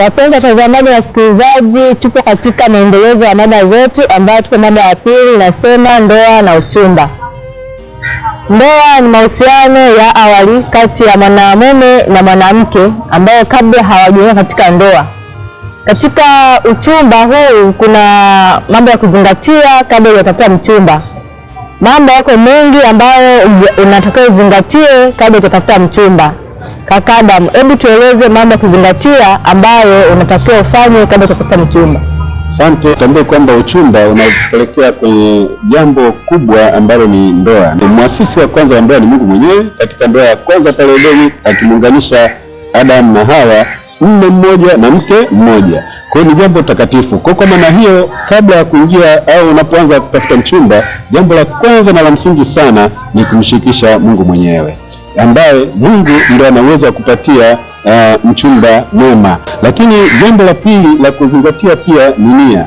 Wapenzi watazamaji na wasikilizaji, tupo katika maendelezo ya mada zetu, ambayo tupo mada ya pili inasema ndoa na uchumba. Ndoa ni mahusiano ya awali kati ya mwanamume na mwanamke ambayo kabla hawajaingia katika ndoa. Katika uchumba huu kuna mambo ya kuzingatia kabla hujapata mchumba mambo yako mengi ambayo unatakiwa uzingatie kabla utatafuta mchumba. Kaka hebu tueleze mambo ya kuzingatia ambayo unatakiwa ufanye kabla utatafuta mchumba. Asante. Tambue kwamba uchumba unapelekea kwenye jambo kubwa ambalo ni ndoa. Mwasisi wa kwanza wa ndoa ni Mungu mwenyewe. Katika ndoa ya kwanza pale Edeni, akimuunganisha Adamu na Hawa mme mmoja na mke mmoja. Kwa hiyo ni jambo takatifu. Kwa kwa maana hiyo, kabla ya kuingia au unapoanza kutafuta mchumba, jambo la kwanza na la msingi sana ni kumshirikisha Mungu mwenyewe, ambaye Mungu ndio ana uwezo wa kupatia uh, mchumba mwema. Lakini jambo la pili la kuzingatia pia ni nia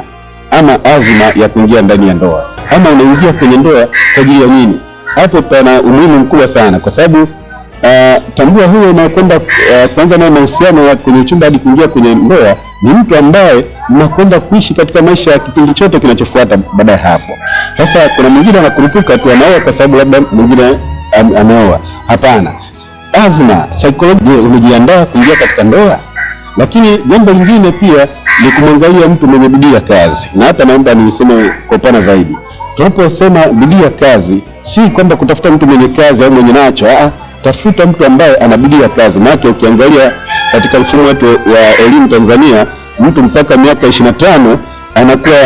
ama azma ya kuingia ndani ya ndoa, ama unaingia kwenye ndoa kwa ajili ya nini? Hapo pana umuhimu mkubwa sana, kwa sababu uh, tambua huyo unayekwenda uh, eh, kuanza naye mahusiano ya kwenye uchumba hadi kuingia kwenye ndoa ni mtu ambaye mnakwenda kuishi katika maisha ya kipindi chote kinachofuata baada ya hapo. Sasa kuna mwingine anakurupuka tu anaoa kwa sababu labda mwingine am, ameoa. Hapana, lazima saikolojia, umejiandaa kuingia katika ndoa. Lakini jambo lingine pia ni kumwangalia mtu mwenye bidii ya kazi, na hata naomba niseme kwa upana zaidi, tunaposema bidii ya kazi si kwamba kutafuta mtu mwenye kazi au mwenye nacho aa tafuta mtu ambaye ana bidii ya kazi. Maana ukiangalia katika mfumo wetu wa elimu Tanzania, mtu mpaka miaka 25 na tano anakuwa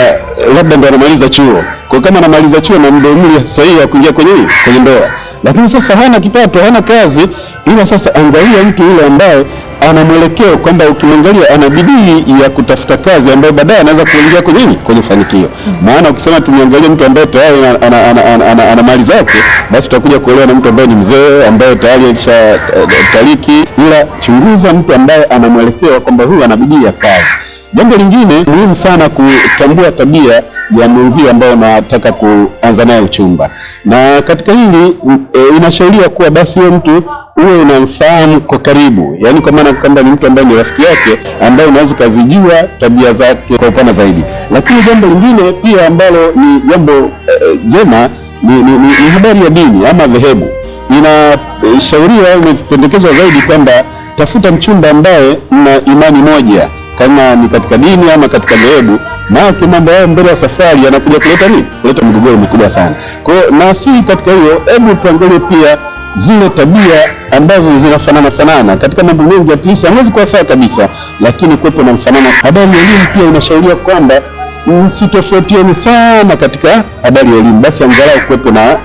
labda ndo anamaliza chuo. Kwa kama anamaliza chuo na ndio umri sahihi ya kuingia kwenye kwenye ndoa, lakini sasa hana kipato, hana kazi, ila sasa angalia mtu yule ambaye ana mwelekeo kwamba ukimwangalia ana bidii ya kutafuta kazi ambayo baadaye anaweza kuingia kwenye nini, kwenye fanikio. Maana ukisema tumwangalie mtu ambaye tayari ana, ana, ana, ana, ana, ana mali zake, basi utakuja kuelewa na mtu ambaye ni mzee ambaye tayari alisha eh, eh, tariki. Ila chunguza mtu ambaye ana mwelekeo kwamba huyu ana bidii ya kazi. Jambo lingine muhimu sana kutambua tabia ya mwenzio ambayo unataka kuanza naye uchumba. Na katika hili e, inashauriwa kuwa basi huyo mtu uwe unamfahamu kwa karibu, yaani kwa maana kwamba ni mtu ambaye ni rafiki yake ambaye unaweza ukazijua tabia zake kwa upana zaidi. Lakini jambo lingine pia ambalo ni jambo e, jema ni, ni, ni, ni habari ya dini ama dhehebu. Inashauriwa au imependekezwa zaidi kwamba tafuta mchumba ambaye mna imani moja, kama ni katika dini ama katika dhehebu maana mambo yao mbele ya safari yanakuja kuleta nini? Kuleta migogoro mikubwa sana. Kwa hiyo na sisi katika hiyo, hebu tuangalie pia zile tabia ambazo zinafanana fanana katika mambo mengi ya tisa, hawezi kuwa sawa kabisa, lakini kuwepo na mfanano. Habari ya elimu pia inashauriwa kwamba msitofautiani sana katika habari ya elimu, basi angalau kuwepo na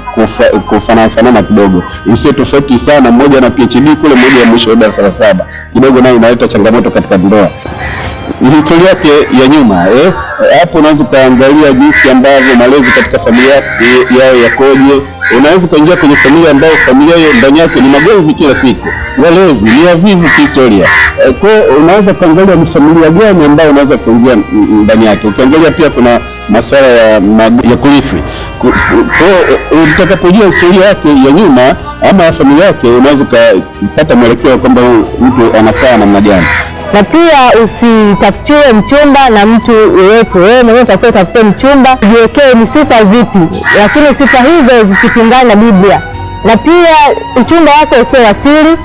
kufanana fanana kidogo, isiyo tofauti sana, mmoja na PhD kule, mmoja ya mwisho darasa la saba, kidogo nayo inaleta changamoto katika ndoa ni historia yake ya nyuma eh? Hapo unaweza ukaangalia jinsi ambavyo malezi katika familia yao yakoje. Unaweza ukaingia kwenye familia ambayo familia hiyo ndani yake ni magomvi kila siku, walevi, ni wavivu kihistoria. Eh, kwa unaweza ukaangalia ni familia gani ambayo unaweza kuingia ndani yake. Ukiangalia pia kuna masuala ya, ya kurithi. Eh, utakapojua historia yake ya nyuma ama ya familia yake, unaweza ukapata mwelekeo kwamba mtu anafaa namna gani na pia usitafutiwe mchumba na mtu yeyote. Wewe mwenyewe utakiwa utafute mchumba, jiwekee ni sifa zipi, lakini sifa hizo zisipingane na Biblia. Na pia uchumba wako usio asili,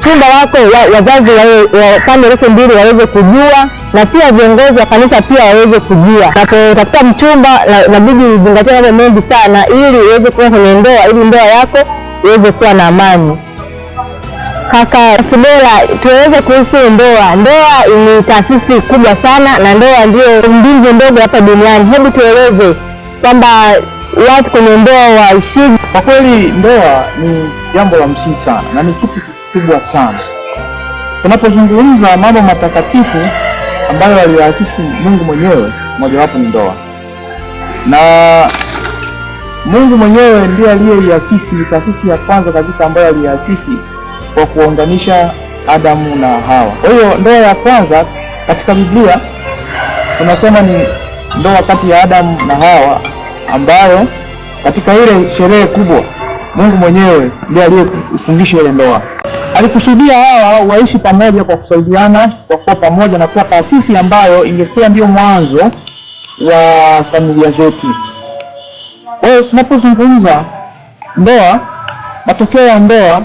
chumba wako wa, wazazi wa pande zote mbili waweze kujua, na pia viongozi wa kanisa pia waweze kujua. Unapotafuta mchumba, inabidi uzingatie mambo mengi sana, ili uweze kuwa kwenye ndoa, ili ndoa yako iweze kuwa na amani. Kaka Sibela, tueleze kuhusu ndoa. Ndoa ni taasisi kubwa sana na ndoa ndio mbingu ndogo hapa duniani. Hebu tueleze kwamba watu kwenye ndoa waishije? Kwa kweli ndoa ni jambo la msingi sana na ni kitu kikubwa sana. Tunapozungumza mambo matakatifu ambayo aliyaasisi Mungu mwenyewe, mojawapo ni ndoa, na Mungu mwenyewe ndiye aliyeiasisi. Ni taasisi ya kwanza kabisa ambayo aliyaasisi kwa kuwaunganisha Adamu na Hawa. Kwa hiyo ndoa ya kwanza katika Biblia tunasema ni ndoa kati ya Adamu na Hawa, ambayo katika ile sherehe kubwa Mungu mwenyewe ndiye aliyefungisha ile ndoa. Alikusudia hawa waishi pamoja kwa kusaidiana, kwa kuwa pamoja na kuwa taasisi ambayo ingekuwa ndio mwanzo wa familia zetu. Kwa hiyo tunapozungumza ndoa, matokeo ya ndoa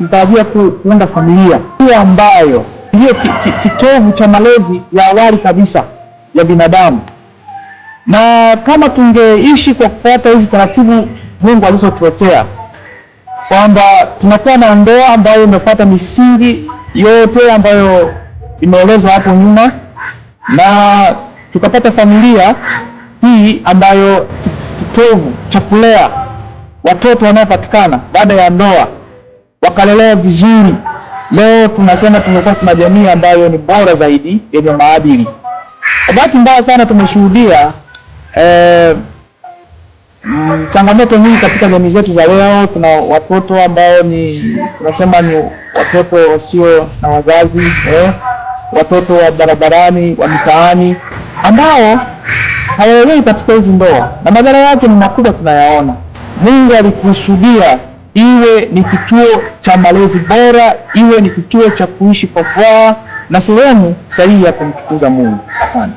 mtarajia kuunda familia hiyo ambayo ndiyo kitovu cha malezi ya awali kabisa ya binadamu, na kama tungeishi kwa kufuata hizi taratibu Mungu alizotuwekea kwamba tunakuwa na ndoa ambayo imefuata misingi yote ambayo imeelezwa hapo nyuma, na tukapata familia hii ambayo kitovu cha kulea watoto wanaopatikana baada ya ndoa wakalelewa vizuri. Leo tunasema tumekuwa tuna jamii ambayo ni bora zaidi yenye maadili. Kwa bahati mbaya sana tumeshuhudia eh, mm, changamoto nyingi katika jamii zetu za leo. Tuna watoto ambao ni tunasema ni watoto wasio na wazazi eh, watoto wa barabarani wa mitaani ambao hawaelewi katika hizi ndoa, na madhara yake ni makubwa tunayaona. Mungu alikusudia iwe ni kituo cha malezi bora, iwe ni kituo cha kuishi kwa furaha na sehemu sahihi ya kumtukuza Mungu. Asante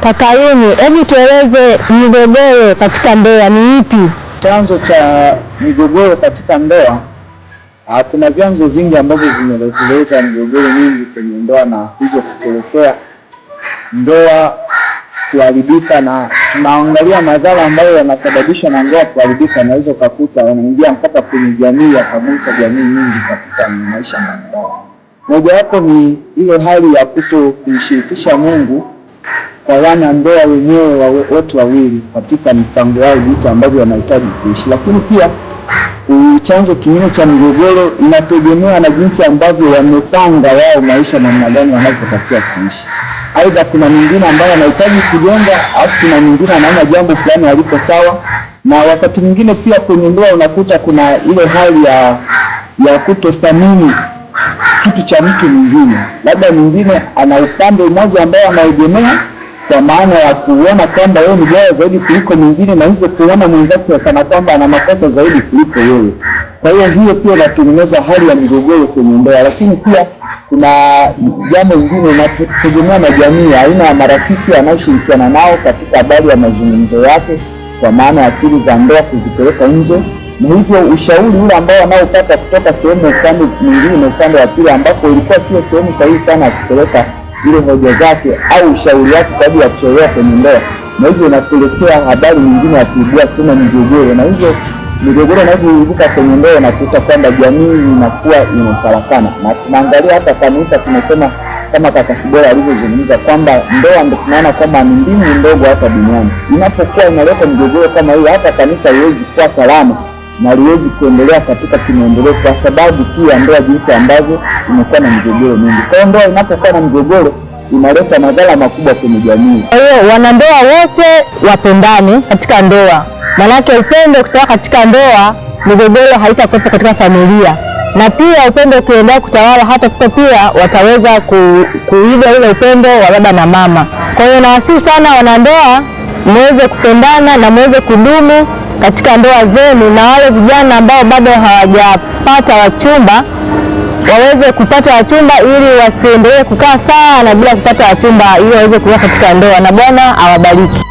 kaka hebu tueleze migogoro katika ndoa ni ipi? Chanzo cha migogoro katika ndoa, ah, kuna vyanzo vingi ambavyo vimeleta migogoro mingi kwenye ndoa na hivyo kupelekea ndoa kuharibika na naangalia madhara ambayo yanasababishwa na ndoa kuharibika, naweza ukakuta wanaingia mpaka kwenye jamii ya kabisa, jamii nyingi katika maisha Moja Mojawapo ni ile hali ya kuto kumshirikisha Mungu kwa wana ndoa wenyewe watu wawili katika mipango yao, jinsi ambavyo wanahitaji kuishi. Lakini pia chanzo kingine cha migogoro inategemea na jinsi ambavyo wamepanga wao maisha, namna gani wanavyotakiwa kuishi. Aidha, kuna mwingine ambaye anahitaji kujonga au kuna mwingine anaona jambo fulani haliko sawa, na wakati mwingine pia kwenye ndoa unakuta kuna ile hali ya ya kutothamini kitu cha mtu mwingine, labda mwingine ana upande mmoja ambaye anaegemea kwa maana ya kuona kwamba yeye ni bora zaidi kuliko mwingine, na hivyo kuona mwenzake kana kwamba ana makosa zaidi kuliko yeye. Kwa hiyo hiyo pia inatengeneza hali ya migogoro kwenye ndoa, lakini pia kuna jambo lingine inategemea na jamii, aina ya marafiki anayoshirikiana nao katika habari ya mazungumzo yake, kwa maana ya siri za ndoa kuzipeleka nje, na hivyo ushauri ule ambao wanaopata kutoka sehemu upande mwingine, upande wa pili, ambapo ilikuwa sio sehemu sahihi sana ya kupeleka ile hoja zake au ushauri wake kwa ajili ya kutolewa kwenye ndoa, na hivyo inapelekea habari nyingine ya kuibua tena migogoro, na hivyo migogoro inavyoibuka kwenye ndoa, unakuta kwamba jamii inakuwa imefarakana, na tunaangalia hata kanisa, tumesema kama kaka Sibora alivyozungumza kwamba ndoa ndio tunaona kwamba ni ndimi ndogo hapa duniani. Inapokuwa inaleta migogoro kama hiyo, hata kanisa haiwezi kuwa salama na liwezi kuendelea katika kimaendeleo, kwa sababu tu ya ndoa, jinsi ambavyo imekuwa na migogoro mingi. Kwa hiyo ndoa inapokuwa na migogoro inaleta madhara makubwa kwenye jamii. Kwa hiyo wanandoa wote wapendane katika ndoa. Maanake upendo kutoka katika ndoa, migogoro haitakuwepo katika familia, na pia upendo ukiendelea kutawala hata kuko pia wataweza ku, kuiga ule upendo wa baba na mama. Kwa hiyo nawasihi sana wanandoa, muweze kupendana na muweze kudumu katika ndoa zenu, na wale vijana ambao bado hawajapata wachumba waweze kupata wachumba ili wasiendelee kukaa sana bila kupata wachumba, ili waweze kuwa katika ndoa, na Bwana awabariki.